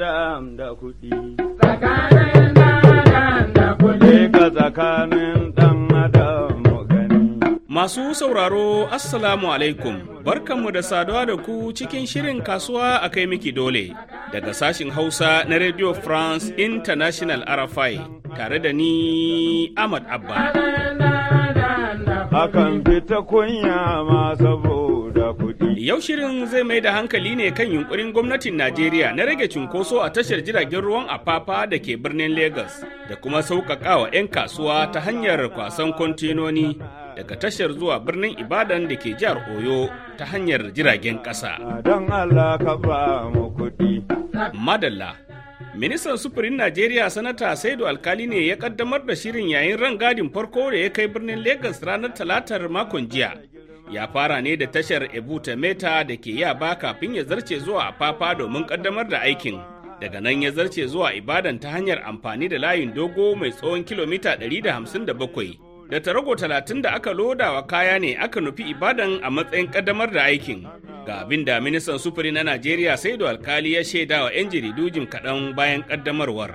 dam da kuɗi. Tsakanin Masu sauraro Assalamu alaikum, barkanmu da saduwa da ku cikin shirin kasuwa a kai miki dole daga sashin Hausa na Radio France International RFI tare da ni Ahmad Abba. akan fita kunya ma saboda kuɗi. Yau shirin zai mai da hankali ne kan yunkurin gwamnatin Najeriya na rage cunkoso a tashar jiragen ruwan afafa da ke birnin Legas da kuma sauƙaƙawa 'yan kasuwa ta hanyar kwasan kwantenoni daga tashar zuwa birnin Ibadan da ke jihar Oyo ta hanyar jiragen ƙasa. Madalla. Ministan sufurin Najeriya Sanata Saidu Alkali ne ya kaddamar da shirin yayin ran gadin farko da ya kai birnin Legas ranar Talatar makon jiya. Ya fara ne da tashar Ebuta Meta da ke yaba kafin ya zarce zuwa fafa domin kaddamar da aikin. Daga nan ya zarce zuwa Ibadan ta hanyar amfani da layin dogo mai tsawon kilomita 157. da tarago talatin da aka loda wa kaya ne aka nufi ibadan a matsayin ƙaddamar da aikin ga abin da ministan sufuri na najeriya da alkali ya shaida wa 'yan jaridu jim kaɗan bayan ƙaddamarwar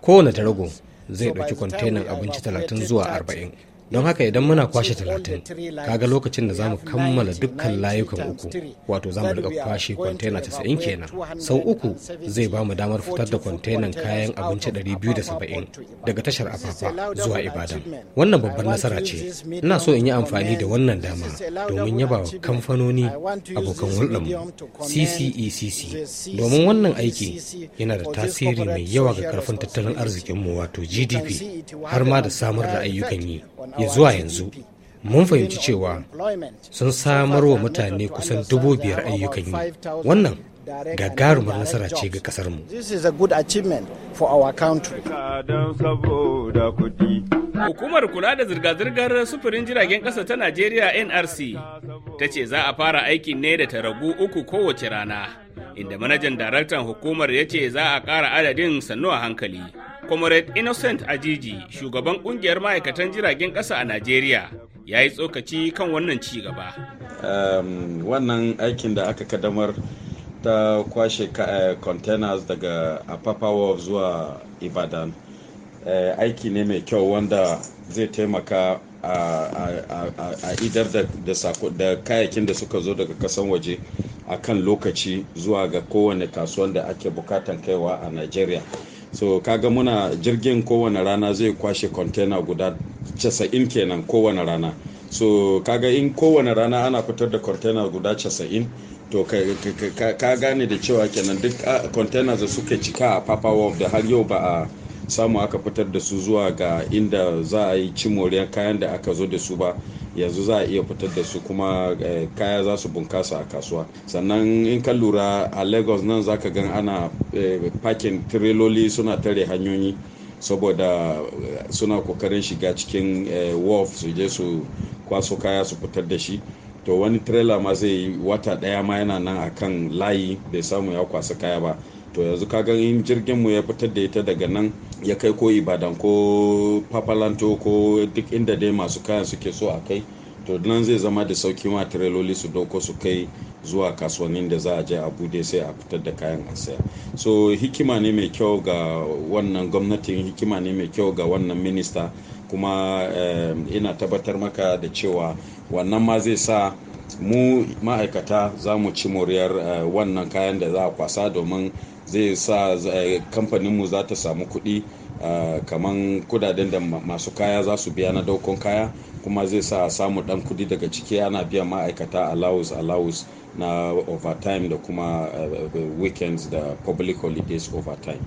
kowane tarago zai ɗauki kwantenan abinci talatin zuwa arba'in don haka idan muna kwashe talatin kaga lokacin da zamu kammala dukkan layukan uku wato zamu riga kwashe kwantena casa'in kenan sau uku zai ba mu damar fitar da kwantenan kayan abinci biyu da saba'in daga tashar afafa zuwa ibadan wannan babbar nasara ce ina so in yi amfani da wannan dama domin yaba wa kamfanoni abokan hulɗarmu ccecc e domin wannan aiki yana da tasiri mai yawa ga karfin tattalin arzikinmu wato gdp har ma da samar da ayyukan yi ya zuwa yanzu mun fahimci cewa sun samar wa mutane kusan dubu biyar ayyukan yi wannan gagarumar nasara ce ga kasar mu Hukumar kula da zirga-zirgar sufurin jiragen ƙasa ta Najeriya NRC ta ce za a fara aikin ne da ta uku kowace rana, inda manajan daraktan hukumar ya ce za a ƙara adadin sannu a hankali. comrade innocent ajiji shugaban kungiyar ma'aikatan jiragen ƙasa a najeriya ya yi tsokaci kan wannan ci gaba wannan aikin da aka kadamar ta kwashe uh, containers daga apapa wharf zuwa ibadan eh, aiki ne mai kyau wanda zai taimaka a idar da kayakin da suka zo daga kasan waje a kan lokaci zuwa ga kowane kasuwan da ake bukatan kaiwa a Najeriya. so kaga muna jirgin kowane rana zai kwashe kwantena guda 90 kenan kowane rana so kaga in kowane rana ana fitar da kwantena guda 90 to ka gane da cewa kenan duk kwantena da suke cika a papa wolf da har yau ba a samu aka fitar da su zuwa ga inda za a yi cimoriyar kayan da aka zo da su ba yanzu za a iya fitar da su kuma eh, kaya za su bunkasa a kasuwa sannan in ka lura a lagos nan zaka gan ana eh, pakin tireloli suna tare hanyoyi saboda eh, suna kokarin shiga cikin wharf su je su kwaso kaya su fitar da shi to wani tirela ma zai yi wata ɗaya ma yana nan akan layi bai samu ya kwasa kaya ba to yanzu ka in jirgin mu ya fitar da ita daga nan ya kai ko ibadan ko papalanto ko duk inda dai masu kayan suke so a kai to nan zai zama da sauki ma tireloli su dauko su kai zuwa kasuwannin da za a je a bude sai a fitar da kayan a saya so hikima ne mai kyau ga wannan gwamnatin hikima ne mai kyau ga wannan minista kuma eh, ina tabbatar maka da cewa wannan ma zai sa mu ma'aikata za mu ci moriyar eh, wannan kayan da za a kwasa domin zai sa eh, kamfaninmu za ta samu kuɗi eh, kamar kudaden da masu kaya za su biya na daukon kaya kuma zai sa samu ɗan kuɗi daga ciki ana biya ma'aikata allowance allowance na overtime da kuma weekends da public holidays overtime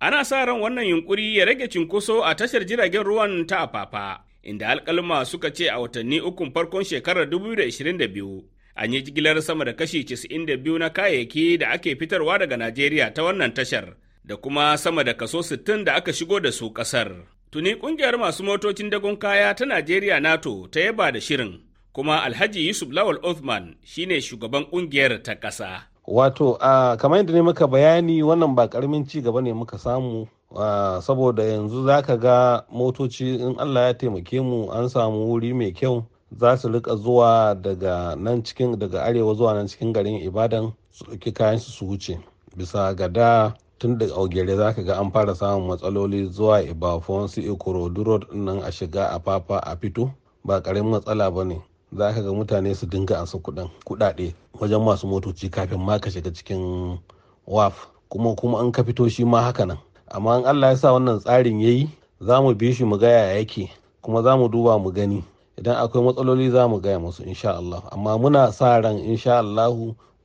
ana sa ran wannan yunkuri ya rage cinkoso a tashar jiragen ruwan ta apapa. inda alkalma suka ce a watanni ukun farkon shekarar 2022 an yi jigilar sama da kashi 92 na kayayyaki da ake fitarwa daga Najeriya ta wannan tashar da kuma sama da kaso 60 da aka shigo da su ƙasar. Tuni ƙungiyar masu motocin dagon kaya ta Najeriya NATO ta yaba da shirin kuma Alhaji Yusuf Lawal Othman shine shugaban ƙungiyar ta ƙasa. Wato, uh, kamar yadda ne muka bayani wannan ba ƙaramin ci gaba ne muka samu Ah, saboda yanzu za ka ga motoci in allah ya taimake mu an samu wuri mai kyau za su rika zuwa daga nan cikin daga arewa zuwa nan cikin garin ibadan su ɗauki kayan su su wuce bisa ga da tun da augere za ka ga an fara samun matsaloli zuwa ibafon su ikoro road nan a shiga a fafa a fito ba karin matsala ba ne za ka ga mutane su dinga ansa kuɗin kuɗaɗe wajen masu motoci kafin ma ka shiga cikin waf kuma kuma an ka fito shi ma haka nan amma in allah ya sa wannan tsarin ya yi za mu bi shi mu gaya yake kuma za mu duba mu gani idan akwai matsaloli za mu gaya masu insha allah amma muna sa ran insha Allah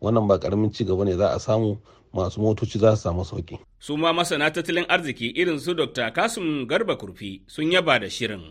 wannan ba karamin ci gaba ne za a samu masu motoci za su samu sauki. su ma masana tattalin arziki irin su dr kasim garba kurfi sun yaba da shirin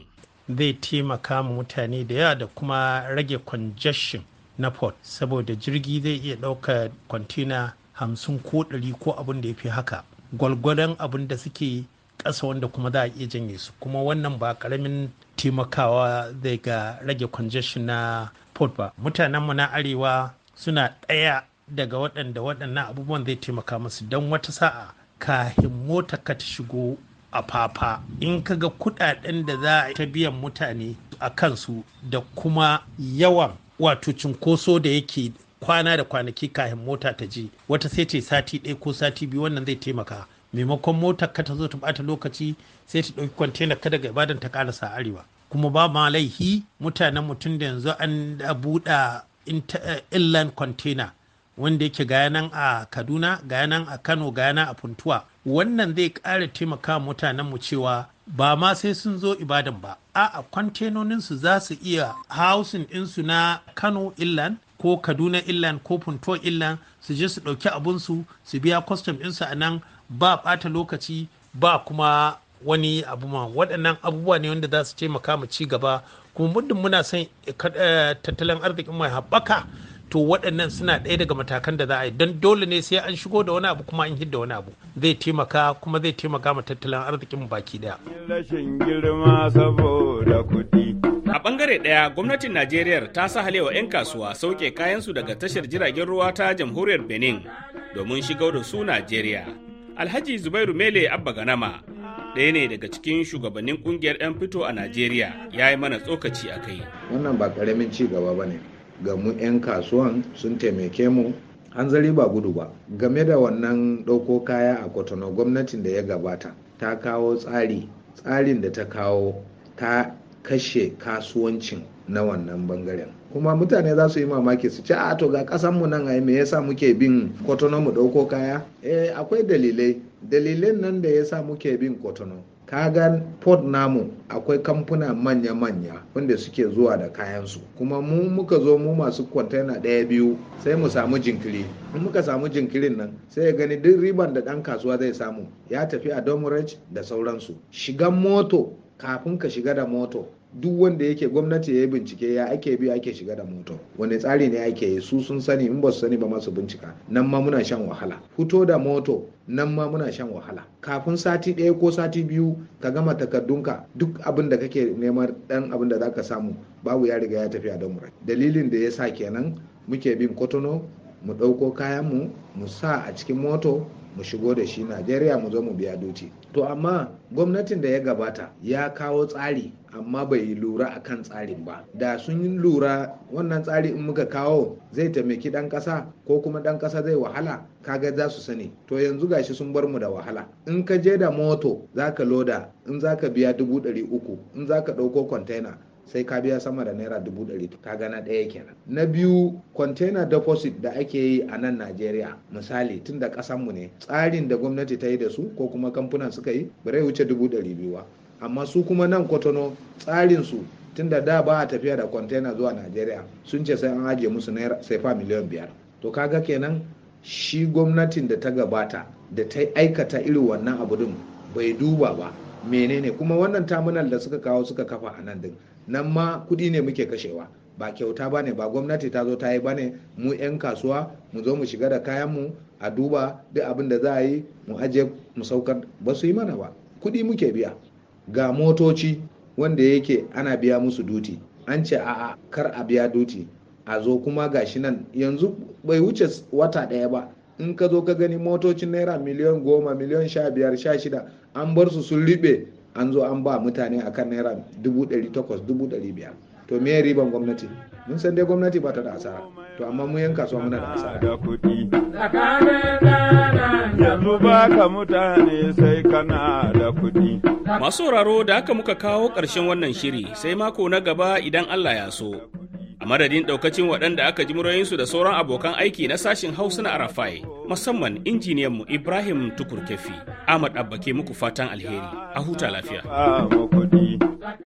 zai taimaka ma mutane da yawa da kuma rage congestion na port saboda jirgi zai iya ɗauka kwantena hamsin ko ɗari ko abin da ya fi haka gwalgwadon abin da suke ƙasa wanda kuma za a iya janye su kuma wannan ba karamin taimakawa zai rage congestion na port ba mutanenmu na arewa suna ɗaya daga waɗanda waɗannan abubuwan zai taimaka musu don wata sa'a kahin mota ka ta shigo a fafa in ka ga kuɗaɗen da za a ta biyan mutane a kansu da kuma yawan wato cinkoso da yake kwana da kwanaki kafin mota ta je wata sai ce sati ɗaya ko sati biyu wannan zai taimaka maimakon motar ka ta zo ta bata lokaci sai ta ɗauki kwantena ka daga ibadan ta karasa arewa kuma ba ma laihi mutanen mutum da yanzu an buɗa eh, inland container wanda yake gaya a kaduna gaya a kano gaya a puntuwa wannan zai ƙara taimaka mutanen mu cewa ba ma sai sun zo ibadan ba a kwantenoninsu za su iya hausin ɗinsu na kano inland ko kaduna inland ko punto inland su je su ɗauki abunsu su biya kwastam ɗinsu a nan ba ɓata lokaci ba kuma wani abu ma waɗannan abubuwa ne wanda za su taimaka mu ci gaba kuma muddin muna son eh, eh, tattalin arzikin mai haɓaka to waɗannan suna ɗaya daga matakan da za a yi don dole ne sai an shigo da wani abu kuma an hidda wani abu zai taimaka kuma zai taimaka ma tattalin arzikin baki daya. Rashin girma saboda kuɗi. bangare daya gwamnatin Najeriya ta sa sahalewa 'yan kasuwa sauke kayansu daga tashar jiragen ruwa ta jamhuriyar Benin domin shigar da su Najeriya. Alhaji Zubairu Mele Abba Ganama ɗaya ne daga cikin shugabannin kungiyar 'yan fito a Najeriya ya yi mana tsokaci a kai. Wannan ba ƙaramin ci gaba ba ne. Ga 'yan kasuwan sun taimake mu hanzari ba gudu ba. Game da wannan ɗauko kaya a Kotono gwamnatin da ya gabata ta kawo tsari. Tsarin da ta kawo ta kashe kasuwancin na wannan bangaren kuma mutane za su yi mamaki su ci a ah, to ga kasan mu nan ai me yasa muke bin kotono mu dauko kaya eh akwai dalilai dalilan nan da yasa muke bin kotono kaga port namu akwai kamfuna manya-manya wanda suke zuwa da kayansu kuma mu muka zo mu masu kwantena ɗaya biyu sai mu samu jinkiri in muka samu jinkirin nan sai ya gani duk riban da ɗan kasuwa zai samu ya tafi a domorage da sauransu shigan moto kafin ka shiga da moto duk wanda yake gwamnati ya yi bincike ya ake bi ake shiga da moto wani tsari ne ake yi su sun sani in ba su sani ba masu bincika nan ma muna shan wahala fito da moto nan ma muna shan wahala kafin sati ɗaya ko sati biyu ka gama takardunka duk abin da kake neman ɗan abin da za ka samu babu ya riga ya tafi a don dalilin da ya sa kenan muke bin kotono mu ɗauko kayan mu mu sa a cikin moto mu shigo da shi najeriya mu zo mu biya duti to amma gwamnatin da ya gabata ya kawo tsari amma bai yi lura a kan tsarin ba da sun lura wannan tsari in muka kawo zai taimaki ɗan ƙasa ko kuma ɗan ƙasa zai wahala kaga za su sani to yanzu gashi sun bar mu da wahala in ka je da moto za ka loda in za ka biya dubu ɗari uku in za ka ɗauko kwantena sai ka biya sama da naira dubu ɗari ka gana ɗaya kenan na biyu container deposit da ake yi a nan najeriya misali tun da ƙasanmu ne tsarin da gwamnati ta yi da su ko kuma kamfunan suka yi bare wuce dubu ɗari biyu ba amma su kuma nan kwatano su tun da da ba a tafiya da container zuwa najeriya sun ce sai an ajiye musu naira sai fa miliyan biyar to kaga kenan shi gwamnatin da ta gabata da ta aikata irin wannan abu din bai duba ba menene kuma wannan tamunan da suka kawo suka kafa a nan din nan ma kuɗi ne muke kashewa ba kyauta ba ne ba gwamnati ta zo ta yi ba ne mu 'yan kasuwa mu zo mu shiga da kayanmu a duba duk abin da za a yi mu ajiye mu saukar ba su yi mana ba kuɗi muke biya ga motoci wanda yake ana biya musu duti an ce a'a kar a biya duti a zo kuma gashi nan yanzu bai wuce wata ɗaya ba in ka zo ka gani motocin naira miliyan goma miliyan sha biyar sha shida an bar su sun riɓe an zo an ba mutane a kan naira dubu ɗari takwas dubu ɗari biyar to me riban gwamnati mun san dai gwamnati ba ta da asara to amma mu yanka su muna da asara yanzu ba ka mutane sai kana da kuɗi masu sauraro da haka muka kawo ƙarshen wannan shiri sai mako na gaba idan Allah ya so a madadin ɗaukacin waɗanda aka ji murayinsu da sauran abokan aiki na sashin hausa na arafai musamman injiniyanmu Ibrahim Tukurkefi. Ahmad Abba ke muku fatan alheri. A huta lafiya.